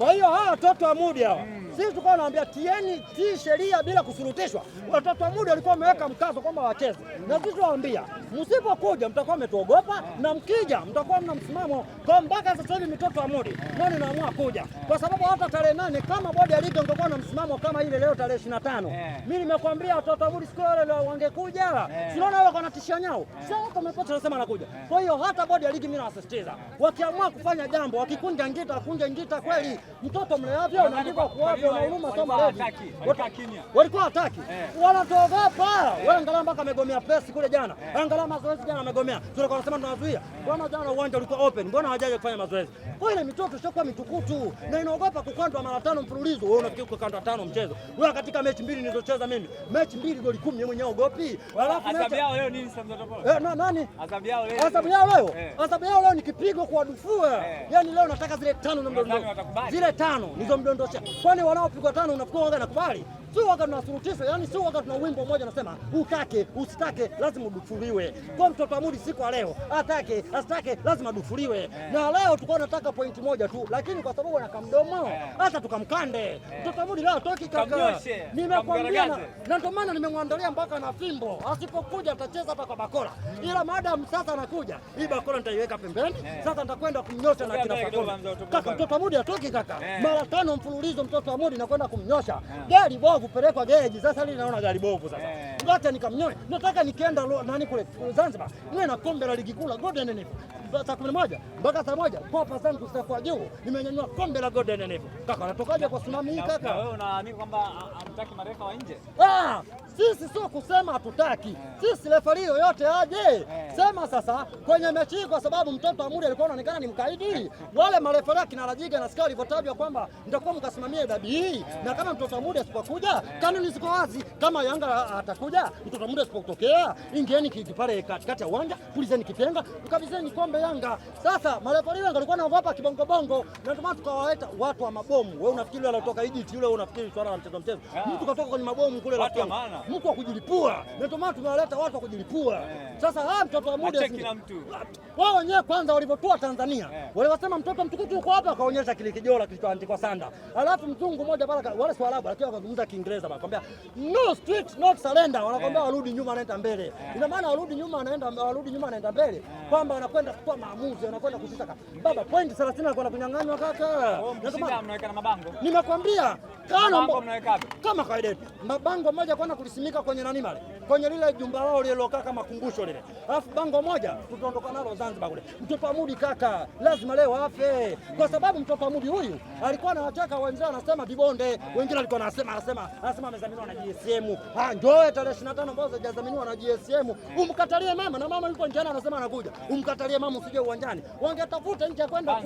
Kwa hiyo hawa watoto wa Mudi hawa sisi tukawa nawaambia tieni ti sheria bila kusurutishwa. Watoto wa muda walikuwa wameweka mkazo kwamba wacheze, na sisi tuwaambia msipokuja mtakuwa mmetuogopa, na mkija mtakuwa mna msimamo. Kwa mpaka sasa hivi mtoto wa muda nani naamua kuja, kwa sababu hata tarehe nane kama bodi ya ligi ungekuwa na msimamo kama ile leo tarehe 25 eh. mimi nimekwambia watoto wa muda siku ile wangekuja, eh. sinaona wao wanatishia nyao eh. sio sasa, nasema anakuja. Kwa hiyo hata bodi ya ligi mimi nawasisitiza wakiamua kufanya jambo, wakikunja ngita kunja ngita kweli, mtoto mleavyo na ndivyo kuavyo huruma eh. eh. kama walikuwa hataki, wanatuogopa. Angalia mpaka amegomea press kule jana, eh. angalia mazoezi jana amegomea. Tulikuwa tunasema tunazuia, mbona jana uwanja ulikuwa open, mbona hawajaje kufanya mazoezi? Kwa ile mitoto ishakuwa mitukutu na inaogopa kukandwa mara tano mfululizo. Wewe unafikiri kukandwa tano mchezo? Wewe katika mechi mbili nilizocheza mimi, mechi mbili goli 10 yeye mwenyewe ogopi. Alafu adhabu yao leo nini sasa mtoto? Eh, na nani? Adhabu yao leo. Adhabu yao leo. Adhabu yao leo ni kipigo kwa dufua. Yaani leo nataka zile tano zile tano nizomdondosha. Kwani unaopigwa tano na nakubali sio waga tunasulutisha, yani sio waga tuna wimbo mmoja nasema, ukake usitake lazima udufuliwe. Kwa mtoto amudi siku ya leo atake asitake lazima dufuliwe, eh. na leo tulikuwa tunataka pointi moja tu, lakini kwa sababu anaka mdomo eh. hata tukamkande eh. mtoto amudi leo toki kaka, nimekwambia na ndio maana nimemwandalia mpaka na fimbo, asipokuja atacheza hapa kwa bakora, ila madam sasa anakuja hii bakora nitaiweka pembeni sasa, nitakwenda kumnyosha na kina bakora kaka. Mtoto amudi atoki kaka, mara tano mfululizo mtoto amudi nakwenda kumnyosha gari bo kupelekwa geji. Sasa hili naona gari bovu sasa. Ngoja eh. nikamnyoe. Nataka nikienda nani kule Zanzibar. Niwe na kombe la ligi kuu la Golden Enif. Saa moja mpaka saa moja Kopa zangu zitakuwa juu. Nimenyanyua kombe la Golden Nipo. Kaka natokaje kwa tsunami hii kaka? Wewe unaamini kwamba hamtaki marefa wa nje? Ah, sisi sio kusema hatutaki. Eh. Sisi refari yoyote aje. Eh. Eh. Sema sasa kwenye mechi hii, kwa sababu mtoto wa Amuri alikuwa anaonekana ni mkaidi, wale marefaria kinarajiga na sikao alivyotajwa kwamba nitakuwa mkasimamia dabi hii, na kama mtoto wa Amuri asipokuja, kanuni ziko wazi. Kama Yanga atakuja, mtoto wa Amuri asipotokea, ingieni kipale katikati ya uwanja, pulizeni kipenga, tukabizeni kombe Yanga. Sasa marefaria walikuwa kibongo bongo, na ndio maana tukawaleta watu wa mabomu. Wewe unafikiri yule alitoka Egypt yule, unafikiri swala la mchezo mchezo, ah. mtu katoka kwenye mabomu kule, rafiki mko kujilipua, ndio maana tumewaleta watu wa kujilipua. Eh. Sasa haya kwa wao wenyewe kwanza walivyotua Tanzania yeah. Waliwasema mtoto mtukutu yuko hapa, akaonyesha kile kijola kilichoandikwa sanda, alafu mzungu mmoja pale, wale si Waarabu, lakini wakazungumza Kiingereza, wanakwambia no street not surrender, wanakwambia yeah. warudi nyuma, anaenda mbele yeah. Ina maana warudi nyuma, anaenda warudi nyuma, anaenda mbele yeah. Kwamba wanakwenda kutoa maamuzi, wanakwenda kushitaka mm. baba point 30 na kwenda kunyang'anywa kaka, oh, mnaweka na mabango, nimekwambia kama kawaida yetu, mabango moja kwa na kulisimika kwenye nani mali kwenye lile jumba lao lilokaa kama kumbusho lile alafu bango moja tutaondoka nalo Zanzibar kule. Mtoto Mudi kaka lazima leo afe, kwa sababu mtoto Mudi huyu alikuwa anawataka wenzao, anasema vibonde, wengine alikuwa anasema anasema anasema amezaminiwa na GSM, ah, njoe tarehe 25 ambao hajazaminiwa na GSM, umkatalie mama na mama yuko njiani, anasema anakuja, umkatalie mama usije uwanjani, wangetafuta nje kwenda